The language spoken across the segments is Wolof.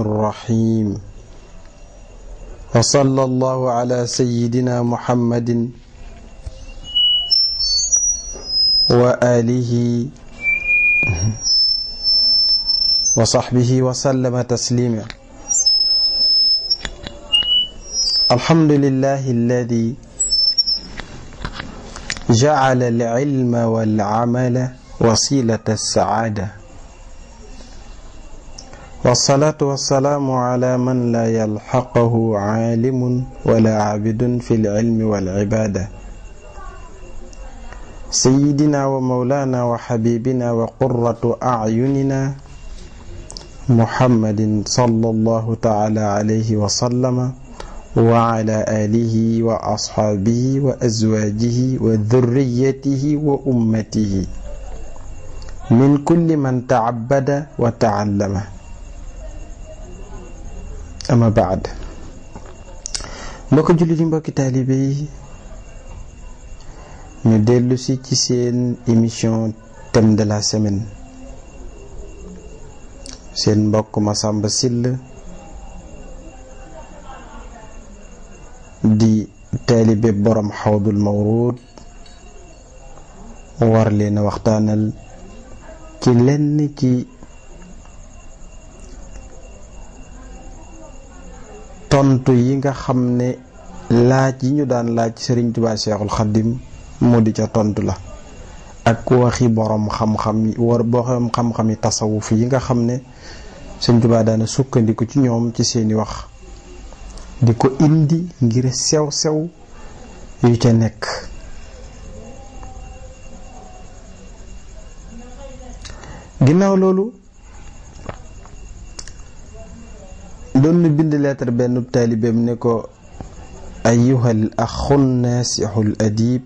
الرحيم وصلى الله على سيدنا محمد وآله وصحبه وسلم تسليما الحمد لله الذي جعل العلم والعمل وسيلة السعادة والصلاة والسلام على من لا يلحقه عالم ولا عابد في العلم والعبادة سيدنا ومولانا وحبيبنا وقرة أعيننا محمد صلى الله تعالى عليه وسلم وعلى آله وأصحابه وأزواجه وذريته وأمته من كل من تعبد وتعلمه ama baad mbokki jullit yi mbokki taalibe yi ñu dellusi ci seen émission thème de la semaine seen mbokk Massamba sill di taalibe borom xawdul mawruud war leen waxtaanal ci lenn ci tontu yi nga xam ne laaj yi ñu daan laaj Sëriñ Tuubaa Seexul Xaddim mu di ca tontu la ak waxi borom xam-xam yi war borom yi tasawuf yi nga xam ne Sëriñ Tuubaa daana sukkandiku ci ñoom ci seeni wax di ko indi ngir sew-sew yu ca nekk ginnaaw loolu doon bind lettre benn taalibeem ne ko ayuhal axu naasixu adib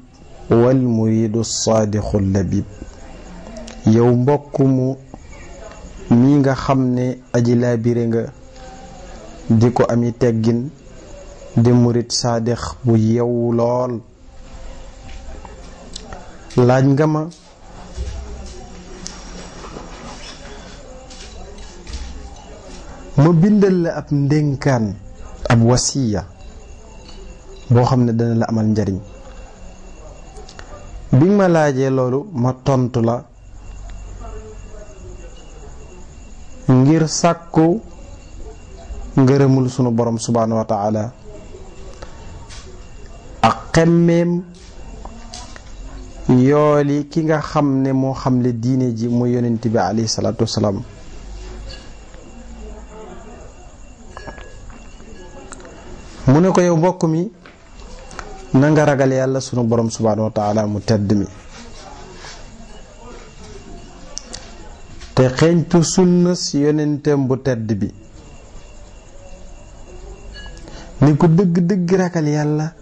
wal muridu saadixu labib yow mbokk mu mi nga xam ne aji laabire nga di ko ami teggin di murit saadix bu yew lool laaj nga ma Mobil bindal la ab ndénkaan ab wasiya boo xam ne dana la amal njariñ bi ma laajee loolu ma tontu la ngir sàkku ngërëmul sunu borom subhanahu wa taala ak xemmeem yooli ki nga xam ne moo xam le diine ji mu yonent bi alayhi salatu wasalaam mu ne ko yow mbokk mi nanga ragal yàlla sunu borom subhaanahu wa mu tedd mi te xeeñtu sunna si yonenteem bu tedd bi ni ko dëgg-dëgg ragal yàlla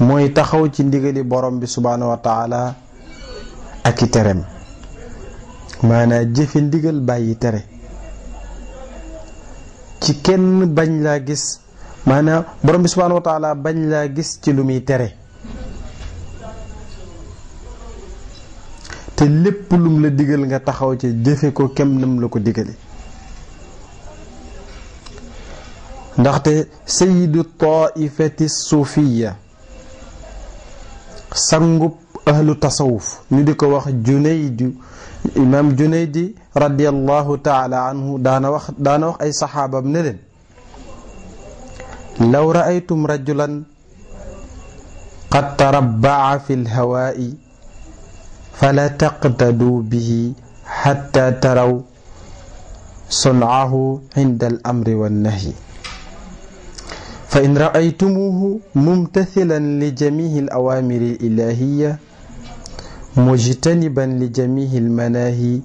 mooy taxaw ci ndigali borom bi subhaanahu wa taala ak i tereem maanaa jëfe ndigal bàyyi tere ci kenn bañ laa gis maanaam borom bi subhaanahu bañ laa gis ci lu muy tere te lépp lum la digal nga taxaw ci jëfe ko kem nam la ko digale ndaxte sayidu taifati suufiya sangub ahlu tasawuf ñu di ko wax junaydu imaam junaydi رضي الله تعالى عنه دانوخ أي صحابة منذن لو رأيتم رجلا قد تربع في الهواء فلا تقتدوا به حتى تروا صنعه عند الأمر والنهي فإن رأيتموه ممتثلا لجميع الأوامر الإلهية مجتنبا لجميع المناهي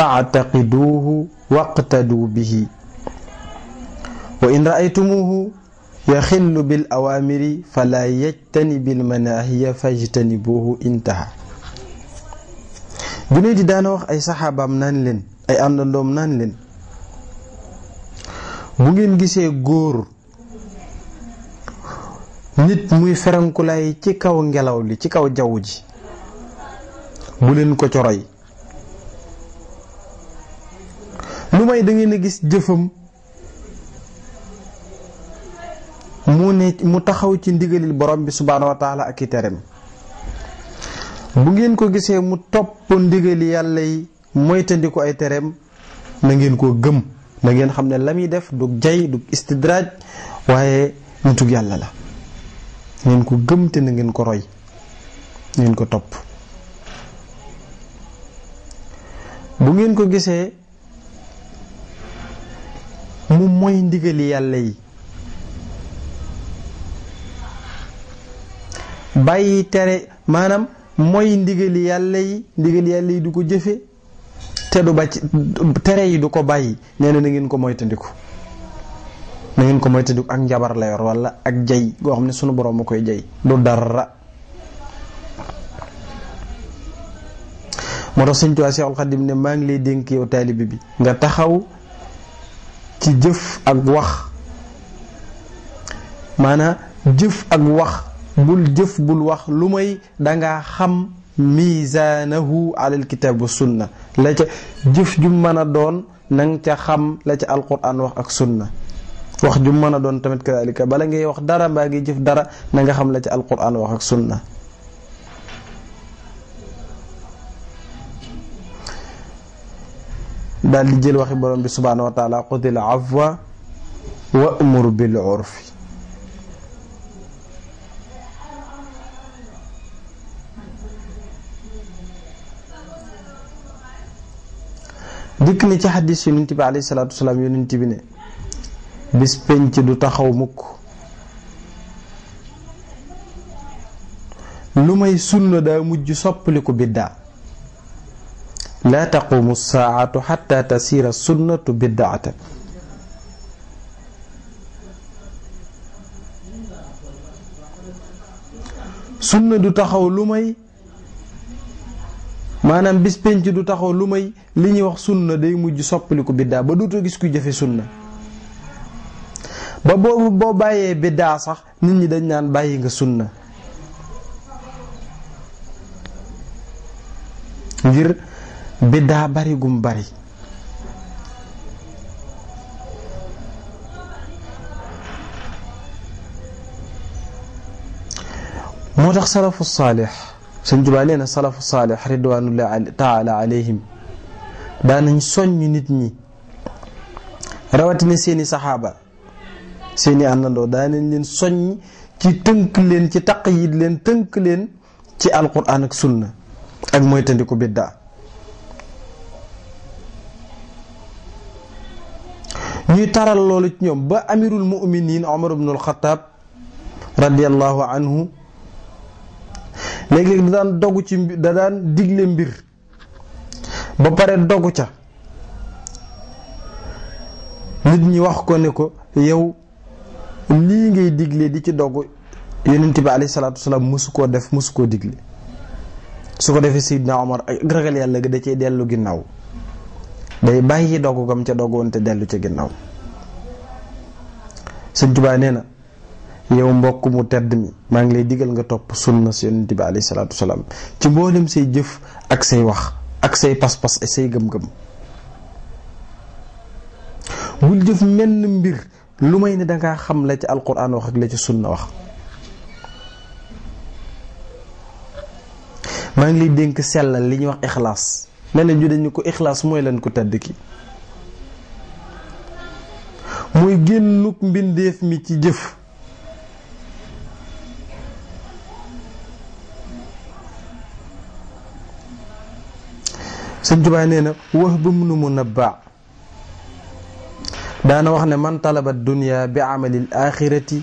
faataqiduuhu waqtaduu bihi wa in raaytumuuhu yaxillu bil awaamiri fala yajtanibil manaahiya fajtanibuuhu intaha junay wax ay saxaabaam naan leen ay àndandoom naan leen bu ngeen gisee góor nit muy ferankulaay ci kaw ngelaw li ci kaw jaww ji bu leen ko coroy lu may dangeen a gis jëfam mu ne mu taxaw ci ndigalil borom bi subhaanahu wa taala ak i tereem bu ngeen ko gisee mu topp ndigali yàlla yi moytandiku ay tereem na ngeen koo gëm na ngeen xam ne la def dug jay du istidraaj waaye nitug yàlla la ngeen ko gëm te na ngeen ko roy ngeen ko topp bu ngeen ko gisee mu mooy ndigali yàlla yi bàyyi tere maanaam moy ndigali yàlla yi ndigali yàlla du ko jëfe te du ba tere yi du ko bàyyi nee na na ngeen ko moytandiku na ngeen ko moytandiku ak njabar la yor wala ak jay goo xam ne sunu borom ma koy jay du dara moo tax sëñ Tuubaa Seexul Xadiim ne maa ngi lay dénk yow taalibe bi nga taxaw ci jëf ak wax maanaa jëf ak wax bul jëf bul wax lu may danga xam miizaanahu alal kitaab wa sunna la ca jëf ju mën a doon nang ca xam la ca alquran wax ak sunna wax ju mën a doon tamit kadalika bala ngay wax dara mbaa ngi jëf dara na nga xam la ca alquran wax ak sunna daal di jël waxi borom bi subhaanahu wa taala afwa wa amur bil urfi dikk na ci xadis yonent bi alayhi salaatu wasalaam penc du taxaw mukk lu may sunna daa mujj soppaliku biddaa laa taqumu saatu xatta tasira sunnatu biddaatan sunna du taxaw lu may maanaam bis penc du taxaw lu may li ñuy wax sunna day mujj soppaliku biddaa ba duutoo gis kuy jëfe sunna ba boobu boo bàyyee biddaa sax nit ñi dañ naan bàyyi nga sunna ngir biddaa bari gum bari moo tax salafu saalix sëñ Tuubaa nee na salafu saalix ridwanullahi taala alayhim daanañ soññ nit ñi rawatina seeni saxaaba seeni àndandoo daanañ leen soññ ci tënk leen ci taqyid leen tënk leen ci alquran ak sunna ak moytandiku biddaa ñuy taral loolu ci ñoom ba amirul muminin omar ibnul xataab radiallahu anhu léegi-léegi da daan doggu ci da daan digle mbir ba pare dogu ca nit ñi wax ko ne ko yow lii ngay digle di ci dogu yonent bi alayhi salaatu wasalaam mosu koo def mosu koo digle su ko defee Seydina Omar ak ragal yàlla ga da cee dellu ginnaaw day bàyyi dogu gam ca dogoon te dellu ca ginnaaw sëñ Tuubaa nee na yow mbokk mu tedd mi maa ngi lay digal nga topp sunna si yonent bi alayhi salaatu wasalaam ci mboolem say jëf ak say wax ak say pas-pas say gëm-gëm bul jëf menn mbir lu may ne dangaa xam la ci alquran wax ak la ci sunna wax maa ngi lay dénk sellal li ñuy wax ixlaas nee na ñu dañu ko ixlaas mooy lan ko tedd ki mooy génnuk mbindeef mi ci jëf sëñ Tuubaa nee na wax ba mu nu daana wax ne man talaba bi amali axirati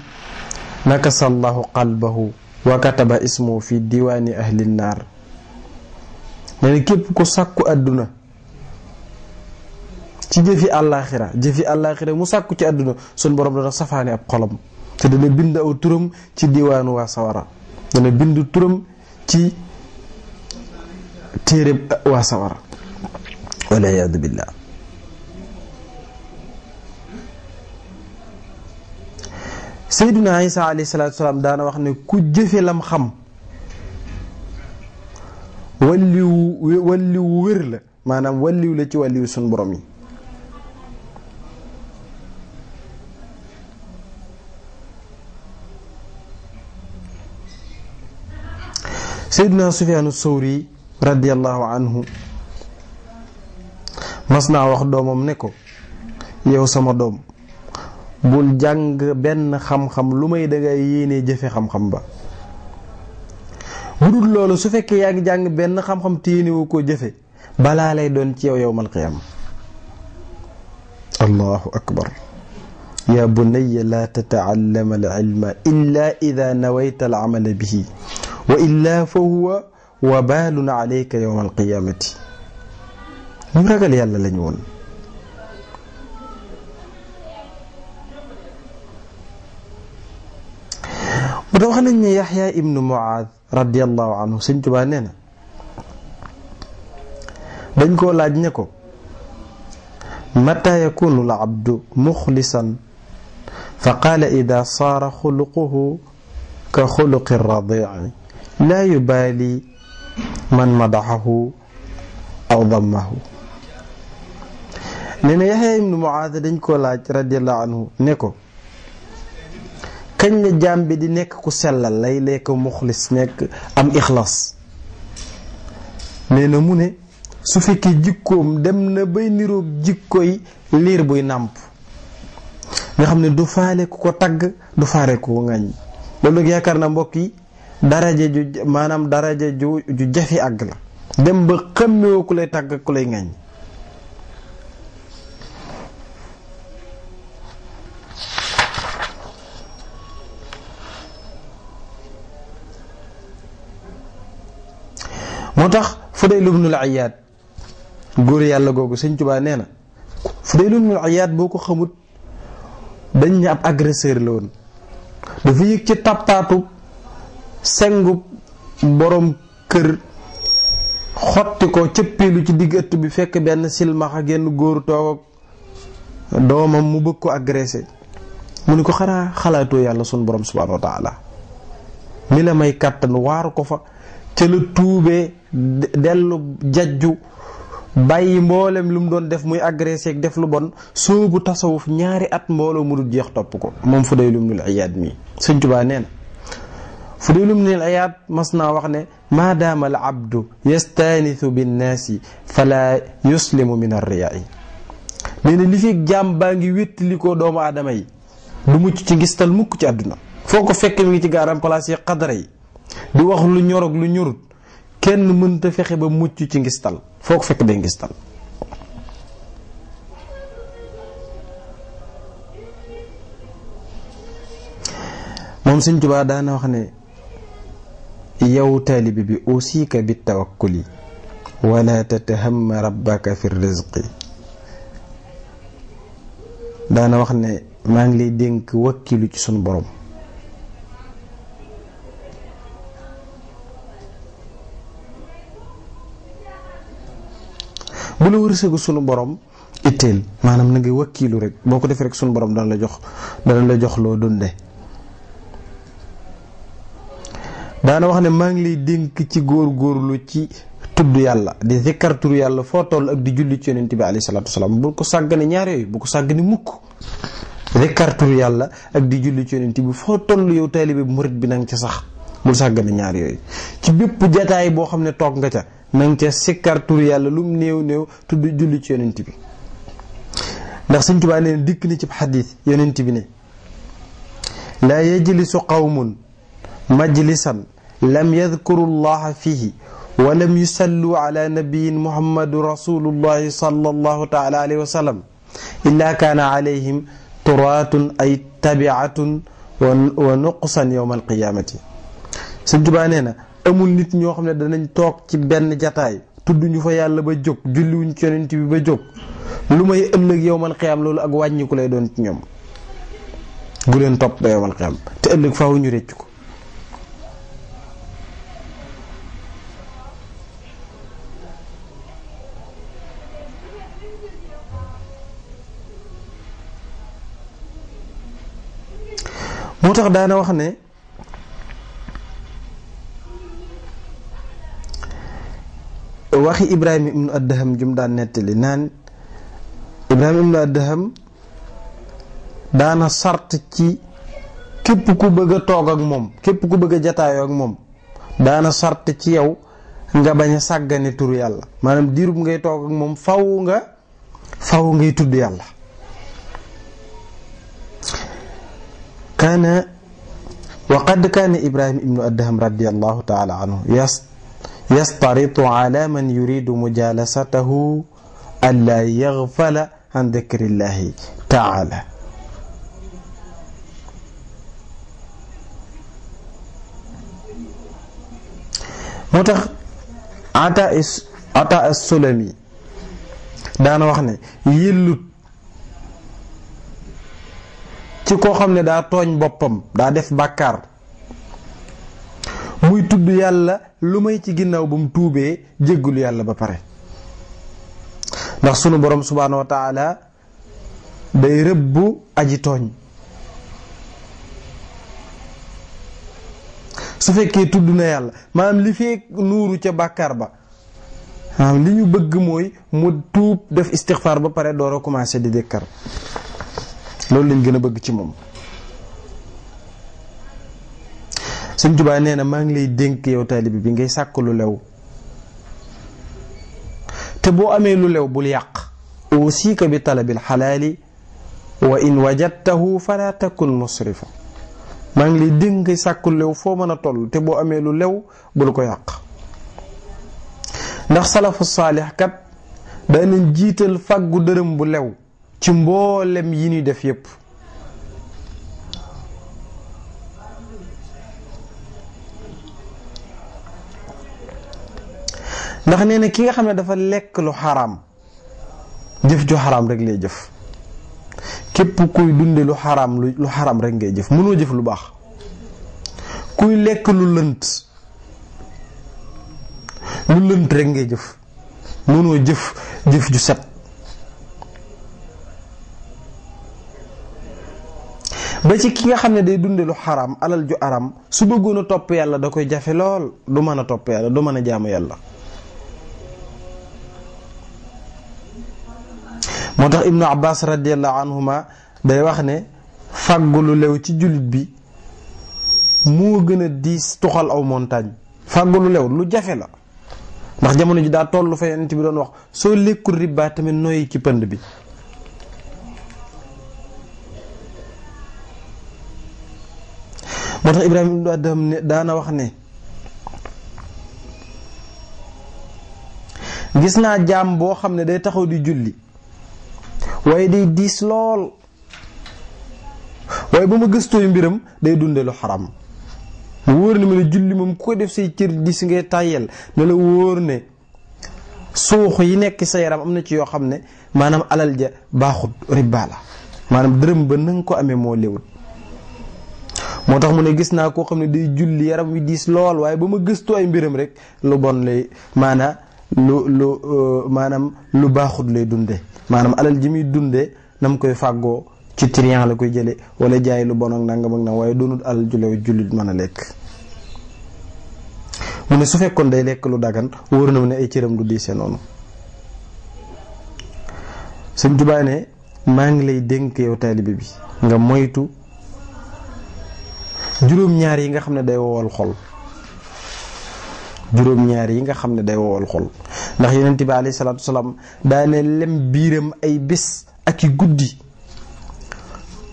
nakasa qalbahu wa kataba ismu fi diwaani ahli nnaar nee na képp ku sàkku àdduna ci jëfi àllaaxira jëfi àllaaxira mu sàkku ci àdduna sun borom dana safaane ab xolam te dana bind aw turam ci diwaanu waa sawara dana bind turam ci téere waa sawara wala yaadu billah sayduna isa alayhi salaatu salaam daana wax ne ku jëfe lam xam walliwu walliwu wér la maanaam walliw la ci walliw suñ borom yi seyduna sufiyaanu sawri radiallahu anhu mas naa wax doomam ne ko yow sama doom bul jàng benn xam-xam lu may dangay yéene jëfe xam-xam ba budul lolu su fekke ya ngi jang ben xam xam tiini wu ko jefe bala lay don الله أكبر يا بني لا تتعلم العلم إلا إذا نويت العمل به وإلا فهو وبال عليك يوم القيامة نرغل يلا لنيون مدوخنا يحيى ابن معاذ رضي الله عنه سنت بانينا دنجو لاج نكو متى يكون العبد مخلصا فقال اذا صار خلقه كخلق الرضيع لا يبالي من مدحه او ضمه نينا يحيى بن معاذ دنجو لاج رضي الله عنه نكو kañ la jaam bi di nekk ku sellal lay lekk muxlis nekk am ixlaas nee na mu ne su fekkee jikkoom dem na bay niroog jikkoy liir buy nàmp nga xam ne du faale ku ko tàgg du faale ku ko ŋàññ loolu nag yaakaar na mbokk yi daraja ju maanaam daraja ju ju jafe àgg la dem ba xëmmeewu ku lay tàgg ku lay ŋàññ moo tax Fudayl ibnul Ayyaad góor yàlla googu sëñ Tuubaa nee na Fudayl ibnul Ayyaad boo ko xamut dañ ne ab agresseur la woon dafa yëg ci tappaatu sengub borom kër xotti ko cëppilu ci digg ëtt bi fekk benn silmaxa genn góor toog doomam mu bëgg ko agressé mu ni ko xanaa xalaatoo yàlla sunu borom subhaanahu wa taala la may kàttan waaru ko fa ca la tuubé delu jajju bàyyi mbolam lum doon def muy agressé ak def lu bon soobu tasawuf ñaari at mbolo mu dul jeex top ko moom lum nul Iyaad mi sëñ Tuubaa nee na lum nul Iyaad mas wax ne ma dama al abdu bin fala yuslimu min arriyaai nee na li fi jaam baa ngi ko doomu adamay yi du mucc ci ngistal mukk ci aduna foko fekk mi ci garam place yi di wax lu ñorog lu ñorut kenn mënta fexe ba mucc ci ngistal foo ko fekk day ngistal moom Sëñ Tuubaa daana wax ne yow taalibi bi usika bi tawakkuli wala tatahamma rabbaka fi rizqi daana wax ne maa ngi lay dénk wakkilu ci sunu borom bu la wërsëgu sunu borom itteel maanaam na nga wakkiilu rek boo ko defee rek sunu borom dana la jox dana la jox loo dunde daana wax ne maa ngi lay dénk ci góor góorlu ci tudd yàlla di zikkar tur yàlla foo toll ak di julli ci yonent bi alayhi salaatu wasalaam ko sàggane ñaar yooyu bu ko mukk zikkar tur ak di julli ci yonent bi foo toll yow taalibe murit bi nang ca sax bul sàggane ñaar yooyu ci bépp jataay boo xam ne toog nga ca na nga ca sikkar tur yàlla lum néew néew tudd julli ci yonent bi ndax Sëñ Tuubaa nee dikk ni ci xadis yonent bi ne laa yajlisu qawmun majlisan lam yadkuru llaha fihi wa lam yusallu ala nabiyin muhammadu rasulullahi sallallahu taala alayhi wa sallam illa kaana alayhim turaatun ay tabiatun wa nuqsan yowma alqiyaamati Sëñ Tuubaa nee na amul nit ñoo xam ne danañ toog ci benn jataay tudd ñu fa yàlla ba jóg julliwuñ ci bi ba jóg lu may ëllëg yow man xiyam loolu ak wàññiku lay doon ci ñoom bu leen topp ba yow te ëllëg faaw ñu rëcc ko moo tax daana wax ne waxi ibrahim ibnu Adham jum da netti nan ibrahim ibnu Adham, daana sart ci kep ku bëgg tok ak mom kep ku bëgg jotaay jataayoo ak moom daana sart ci yow nga baña sagane sàggane tur yàlla maanaam diirub ngay tok ak mom faw nga faw ngay tudd yalla kana wa qad kana ibrahim ibn adham radiyallahu ta'ala anhu yas yastaritu ala man yuridu mujalasatahu an laa yagfala an dikrillahi taala moo tax ata ata sulami daana wax ne yëllut ci koo xam ne daa tooñ boppam daa def bàkkaar ciy tudd yàlla lu may ci ginnaaw ba mu tuubee jéggulu yàlla ba pare ndax sunu borom subhaanahu wa taala day rëbbu aji tooñ su fekkee tudd na yàlla maanaam li fee nuuru ca bàkkaar ba maanaam li ñu bëgg mooy mu tuub def istixfaar ba pare door a commencé di dékkar loolu lañ gën a bëgg ci moom sëñ Tuubaa nee na maa ngi lay dénk yow taalibe bi ngay sàkk lu lew te boo amee lu lew bul yàq usiika bi talabil xalaali wa in wajadtahu fala takun musrifa maa ngi lay dénk ngay sàkk lew foo mën a toll te boo amee lu lew bul ko yàq ndax salafu saalix kat daa jiital fàggu dërëm bu lew ci mboolem yi ñuy def yépp ndax nee na ki nga xam ne dafa lekk lu xaraam jëf ju xaraam rek lay jëf képp kuy dunde lu xaraam lu xaraam rek ngay jëf mënoo jëf lu baax kuy lekk lënt lu lënt ngay jëf mënoo jëf jëf ju set ba ci ki nga xam ne day dunde lu xaraam alal ju aram su bëggoon a topp yàlla da koy jafe lool du mën a topp yàlla du mën a jaamu yàlla moo tax ibnu abbas radiallahu anhuma day wax ne fàggu lew ci jullit bi moo gën a diis tuxal aw montagne fàggu lu lew lu jafe la ndax jamono ji daa toll fa yonent bi doon wax soo lekkul riba tamit noyyi ci pënd bi moo tax ibrahima ibnu adam ne daana wax ne gis naa jaam boo xam ne day taxaw di julli waaye day dis lol waaye buma gëstoy gëstooy mbiram day dundé lu haram mu wóor ne julli mom ko def say cër dis ngay tayel ne la wóor ne suux yi nekk sa yaram amna ci yo xam manam alal ja baxut riba la maanaam dërëm ba nang ko amé mo lewut motax mu ne gis na ko xam day julli yaram wi dis lol waaye buma gëstoy mbiram rek lu bon lay manam lu lu euh, maanaam lu baaxut lay dunde maanaam alal ji muy dunde nam koy fàggoo ci trian la koy jële wala jaay lu bon ak nangam ak nangam waaye doonul alal ju lew jullit mën a lekk mu ne su fekkoon day lekk lu dagan wóor na mu ne ay cëram du diise noonu sëñ Tuubaa ne maa ngi lay dénk yow taalibe bi nga moytu juróom-ñaar yi nga xam ne day wowal xol juróom-ñaar yi nga xam ne day wowal xol ndax ti bi alayhi salaatu wasalaam daane lem biiram ay bés ak i guddi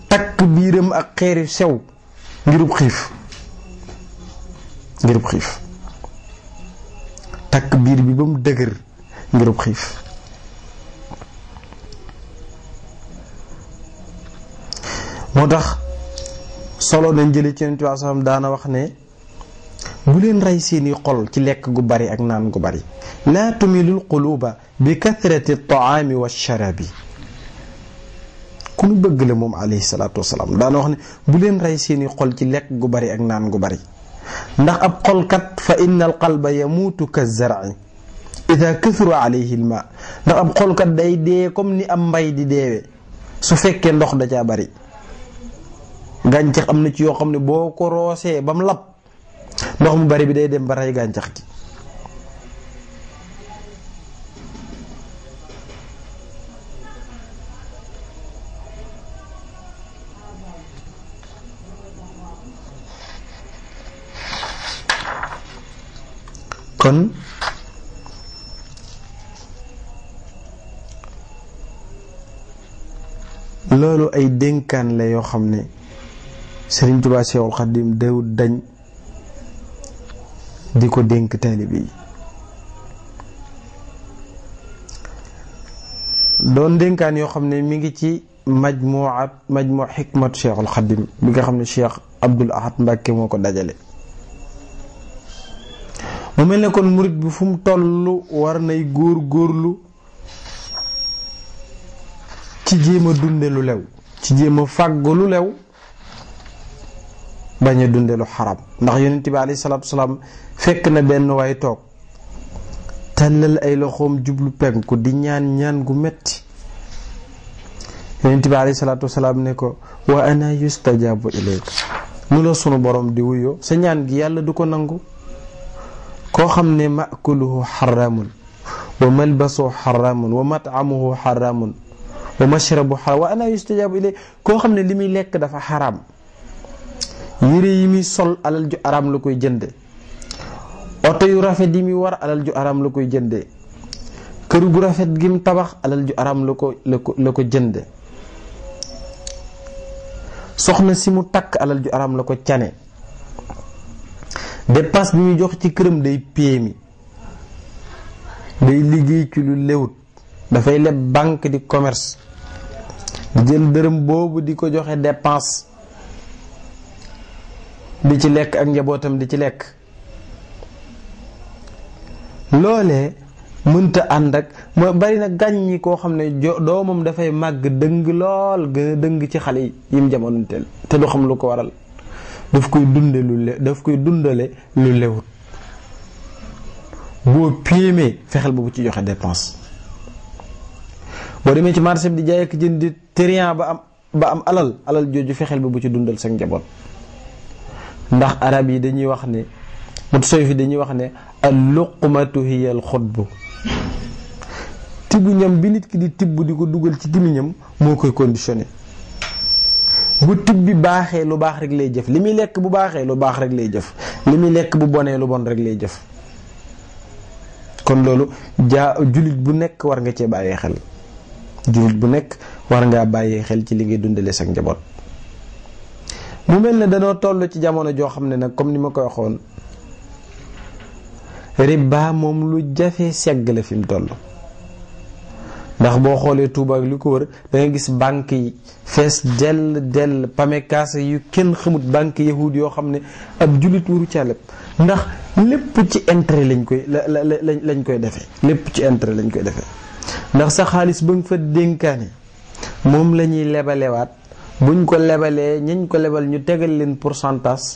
takk biiram ak xeeri sew ngirub xiif ngirub xiif takk biir bi ba mu dëgër ngirub xiif moo tax solo nañ jële ci yonent bi alayhi salaam daana wax ne bu leen rey seeni xol ci lekk gu bari ak naan gu bari laa tumilul quluba bi kathrati taami wa sharabi ku nu bëgg la moom alayhi salaatu wasalaam daana wax ne bu leen rey seeni xol ci lekk gu bari ak naan gu bari ndax ab xolkat fa inna al qalba yamuutu ka zarci ida ndax ab xolkat day dee comme ni am mbay di deewee su fekkee ndox dajaa bari gàncax am na ci yoo xam ne boo ko roosee ba mu lab ndox mu bari bi day dem ba rey gàncax gi kon loolu ay dénkaan la yoo xam ne Sëriñ Tuubaa Seexul Xadiim dawut dañ diko dénk talibi don denkan yo xamne mi ngi ci majmuat majmu hikmat cheikh al khadim bi nga xamne cheikh abdul ahad mbake moko dajale mu melne kon mourid bi fum tollu war nay gor gorlu ci jema dundelu lew ci jema a lu lew bañ a dunde lu xaram ndax yonent bi alayhi salaatu salaam fekk na benn waay toog tàllal ay loxoom jublu penku di ñaan ñaan gu metti yonent bi alayhi salaatu salaam ne ko wa ana yustajabu ilayk mu la sunu borom di wuyoo sa ñaan gi yàlla du ko nangu koo xam ne maakuluhu xaramun wa malbasuhu xaramun wa mat'amuhu xaramun wa mashrabu xaram wa ana yustajabu ilayk koo xam ne li muy lekk dafa xaram yére yi muy sol alal ju araam la koy jënde oto yu rafet yi muy war alal ju araam la koy jënde kër gu rafet gi mu tabax alal ju araam la ko la ko la jënde soxna si mu takk alal ju araam la ko cane dépense bi muy jox ci këram day péemi day liggéey ci lu lewut dafay leb banque di commerce di jël dërëm boobu di ko joxe dépense di ci lekk ak njabootam di ci lekk loole mënta ànd ak mooy bari na gàññi koo xam ne doomam dafay màgg dëng lool gën a dëng ci xale yi mu jamonoonteel te du xam lu ko waral daf koy dunde lu le daf koy dundale lu lewut boo piimee fexeel ba bu ci joxe dépense boo demee ci marché bi di jaay ak jënd di trian ba am ba am alal alal jooju fexeel ba bu ci dundal sa njaboot ndax arab yi dañuy wax ne mutasawif yi dañuy wax ne al luqmatu hiya xot xutbu tibb ñam bi nit ki di tibb di ko dugal ci gémmiñam moo koy conditionné bu tibb bi baaxee lu baax rek lay jëf li muy lekk bu baaxee lu baax rek lay jëf li muy lekk bu bonee lu bon rek lay jëf kon loolu jaa jullit bu nekk war nga cee bàyyee xel jullit bu nekk war ngaa bàyyee xel ci li ngay dundale sa njaboot mu mel ne danoo toll ci jamono joo xam ne nag comme ni ma koy waxoon riba moom lu jafe segg la fi mu toll ndax boo xoolee Touba ak li ko wër da nga gis banque yi fees dell dell pamekaasa yu kenn xamut banque yahud yoo xam ne ab jullit waru ca lépp ndax lépp ci intérêt lañ koy la lañ koy defee lépp ci intérêt lañ koy defee ndax sa xaalis ba nga fa dénkaane moom la ñuy lebalewaat buñ ko lebalee ñiñ ko lebal ñu tegal leen pourcentage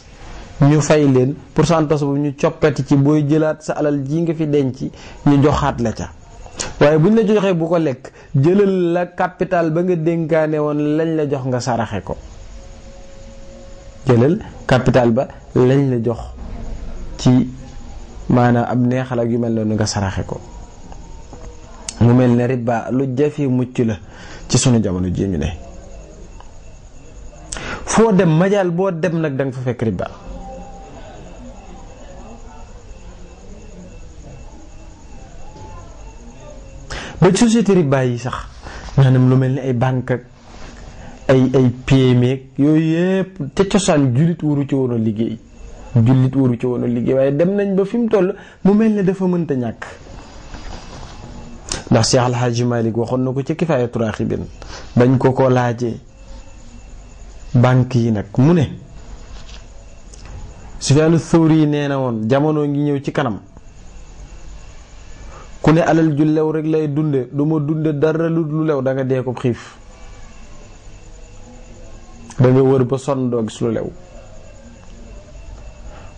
ñu fay leen pourcentage bu ñu coppati ci booy jëlaat sa alal ji nga fi denc ñu joxaat la ca waaye buñ la joxee bu ko lekk jëlal la capital ba nga dénkaane woon lañ la jox nga saraxe ko jëlal capital ba lañ la jox ci maanaam ab neexal ak yu mel noonu nga saraxe ko mu mel ne riba lu jafe mucc la ci sunu jamono ji ñu ne foo dem majaal boo dem nag da fa fekk riba ba société riba yi sax maanaam lu mel ni ay banque ak ay ay PME ak yooyu yëpp ca cosaan jullit waru ci woon a liggéey jullit waru ci woon a liggéey waaye dem nañ ba fi mu toll mu mel ni dafa mënta ñàkk ndax Cheikh Al Hadj waxoon na ko ca Kifaayatu Raaxibiin bañ ko ko laajee bànk yi nag mu ne Sufyaanu Sawri yi nee na woon jamono ngi ñëw ci kanam ku ne alal ju lew rek lay dunde du ma dunde dara lu lew da nga dee ko xiif da wër ba sonn doo gis lu lew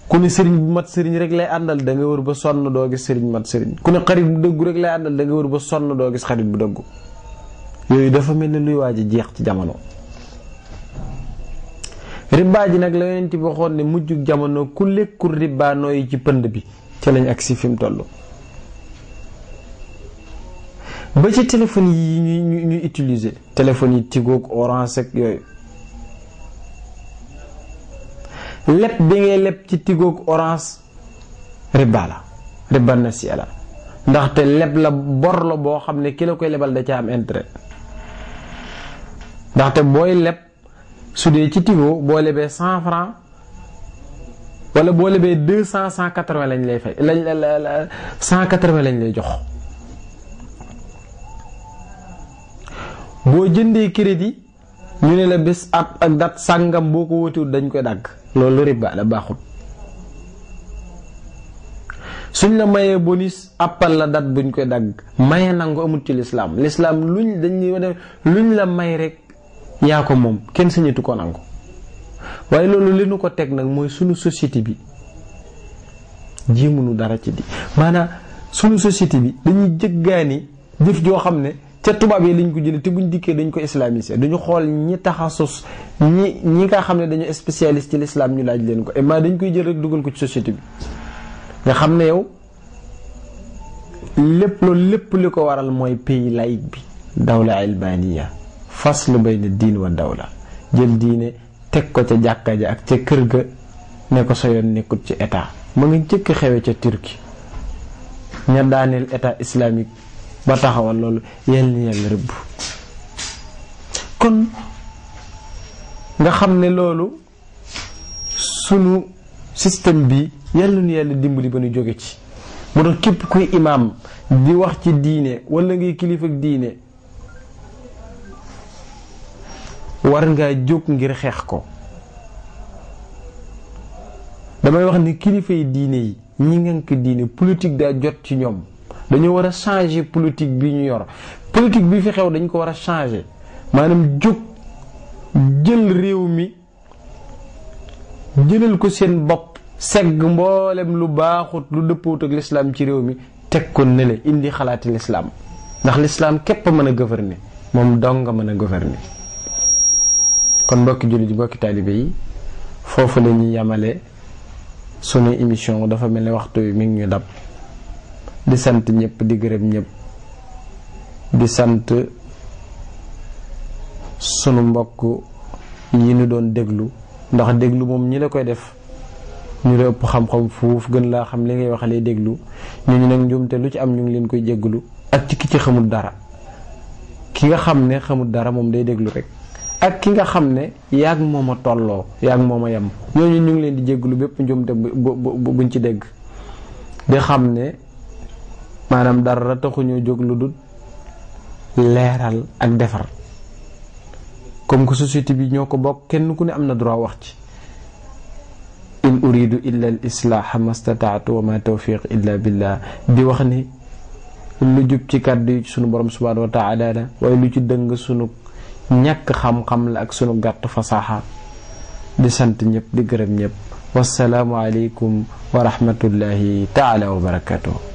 ku ne sëriñ bu mat sëriñ rek lay àndal da nga wër ba sonn doo gis sëriñ mat sëriñ ku ne xarit bu dëggu rek lay àndal da nga wër ba sonn doo gis xarit bu dëggu yooyu dafa mel ni luy waaj a jeex ci jamono ribbaa ji nag la yonent bi waxoon ne mujjug jamono ku lekkul ribbaa nooyi ci pënd bi ca lañ agsi fi mu toll ba ci téléphone yi ñu ñu utiliser téléphone yi Tigo Orange ak yooyu lépp bi ngay lépp ci Tigo Orange riba la riba na si la ndaxte leb la bor la boo xam ne ki la koy lebal da ca am intérêt ndaxte booy leb su dee ci Tigo boo lebee cent franc wala boo lebee deux cent cent quatre lañ lay fay lañ la cent quatre vingt lañ lay jox boo jëndee crédit ñu ne la bés at ak dat sàngam boo ko wóotiwut dañ koy dagg loolu riba la baaxut suñ la mayee bonus appal la dat buñ koy dagg maye nangu amut ci lislaam lislaam luñ dañ luñ la may rek yaa ko moom kenn sañatu ko nangu waaye loolu li nu ko teg nag mooy sunu société bi jéemunu dara ci di maanaam sunu societé bi dañuy jëggaani jëf joo xam ne ca tubaab yi lañ ko jëlee te buñ dikkee dañ ko islamisé dañu xool ñi taxasus ñi ñi nga xam ne dañu spécialiste ci l'islam ñu laaj leen ko et dañu koy jël rek dugal ko ci société bi nga xam ne yow lépp loolu lépp li ko waral mooy pays laïque bi dawla albaniya lu faslu bayna diin wa dawla jël diine teg ko ca jàkka ja ak ca kër ga ne ko sa yoon nekkut ci état ma nga jëkk xewe ca turki ña daaneel état islamique ba taxawal loolu yàlla na yàlla rëbb kon nga xam ne loolu sunu système bi yàlla nu yàlla dimbali ba nu jóge ci moo tax képp kuy imaam di wax ci diine wala ngay kilifa ak diine war ngaa jóg ngir xeex ko damay wax ni kilifa yi diine yi ñi ngànk diine politique daa jot ci ñoom dañoo war a changer politique bi ñu yor politique bi fi xew dañ ko war a changer maanaam jóg jël réew mi jëlal ko seen bopp segg mboolem lu baaxut lu dëppoot ak lislaam ci réew mi teg ko ne le indi xalaati lislaam ndax lislaam képp a mën a gouverner moom dong nga mën a gouverner kon mbokki jullit mbokki taalibe yi foofu la ñuy yamale sunu émission dafa mel ni waxtu wi mi ngi ñu dab di sant ñëpp di gërëm ñëpp di sant sunu mbokk yi nu doon déglu ndax déglu moom ñi la koy def ñu la ëpp xam-xam fuuf gën laa xam li ngay wax déglu ñu ñu nag njuumte lu ci am ñu ngi leen koy jégglu ak ci ki ci xamul dara ki nga xam ne xamul dara moom day déglu rek ak ki nga xamne ne moma tollo yaak moma yam ñoo ñu ñu ngi leen di jégglu bépp te buñ ci dégg di xamne ne maanaam dara taxuñoo jóg lu dul léral ak défar comme que société bi ñoko bok kenn ku ne amna droit wax ci in uridu illa al islah, mastataatu wa ma tawfiq illa billah di wax ni lu jup ci kaddu ci sunu borom subhanahu wa taala way lu ci deung sunu ñàkk xam-xam la ak sunu gàtt fasaaxa di sant ñëpp di gërëm ñëpp wasalaamualeykum wa rahmatullahi taala wa barakatuh